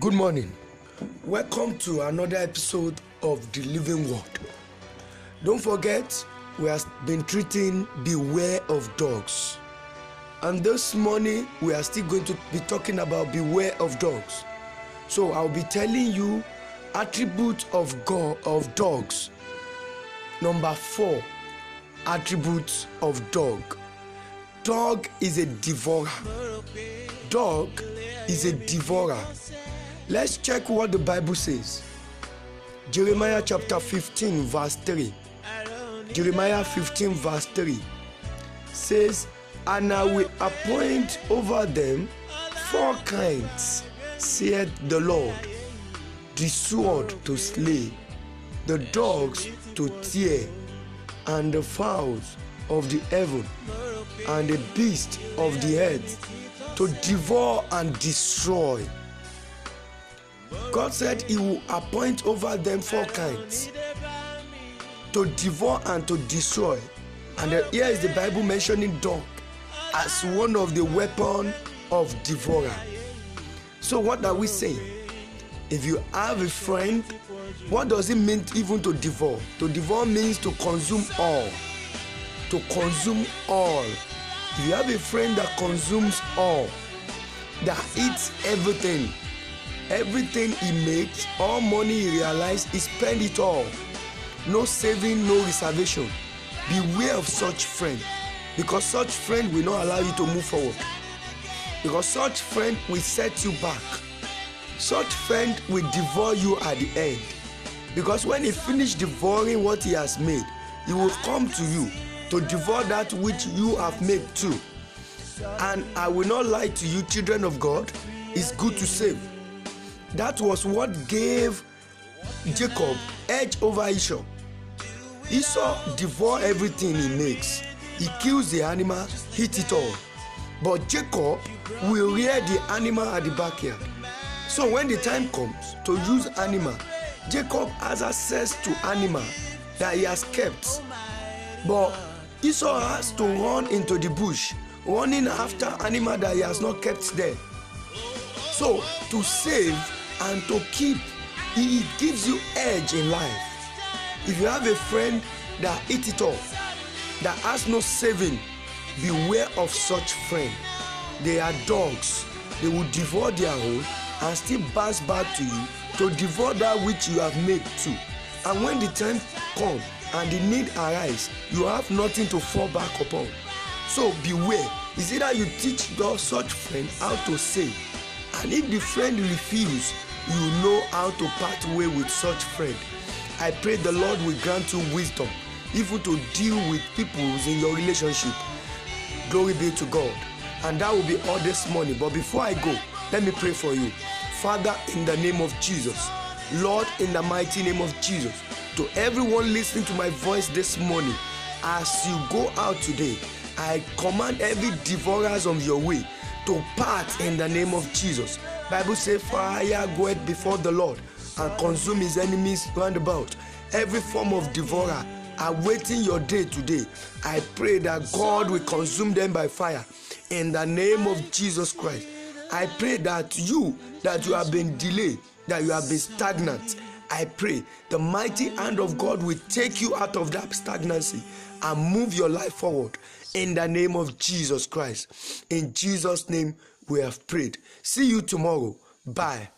Good morning. Welcome to another episode of The Living Word. Don't forget, we have been treating Beware of Dogs. And this morning, we are still going to be talking about Beware of Dogs. So I'll be telling you attributes of God of dogs. Number four, attributes of dog. Dog is a devourer. Dog is a devourer. Let's check what the Bible says. Jeremiah chapter 15, verse 3. Jeremiah 15, verse 3 says, And I will appoint over them four kinds, saith the Lord the sword to slay, the dogs to tear, and the fowls of the heaven, and the beasts of the earth to devour and destroy. God said He will appoint over them four kinds to devour and to destroy. And here is the Bible mentioning dog as one of the weapon of devourer. So what are we saying? If you have a friend, what does it mean even to devour? To devour means to consume all. To consume all. If you have a friend that consumes all, that eats everything, Everything he makes, all money he realizes, he spend it all. No saving, no reservation. Beware of such friend because such friend will not allow you to move forward. Because such friend will set you back. Such friend will devour you at the end. Because when he finish devouring what he has made, he will come to you to devour that which you have made too. And I will not lie to you, children of God, it's good to save That was what gave Jacob edge over Esau. Esau devours everything he makes. He kills the animal, eats it all. But Jacob will rear the animal at the backyard. So when the time comes to use animal, Jacob has access to animal that he has kept. But Esau has to run into the bush, running after animal that he has not kept there. So to save and to keep it gives you edge in life if you have a friend that eat it up that has no saving beware of such friend they are dogs they will devour their own and still bounce back to you to devour that which you have made too and when the time come and the need arise you have nothing to fall back upon so beware is either you teach those such friend how to save and if the friend refuse you know how to part way with such friend i pray the lord will grant you wisdom even to deal with people in your relationship glory be to god and that will be all this morning but before i go let me pray for you father in the name of jesus lord in the mighty name of jesus to everyone listening to my voice this morning as you go out today i command every devourer of your way to part in the name of Jesus. Bible says, fire goeth before the Lord and consume his enemies round about. Every form of devourer awaiting your day today. I pray that God will consume them by fire in the name of Jesus Christ. I pray that you that you have been delayed, that you have been stagnant, I pray the mighty hand of God will take you out of that stagnancy and move your life forward in the name of Jesus Christ. In Jesus' name, we have prayed. See you tomorrow. Bye.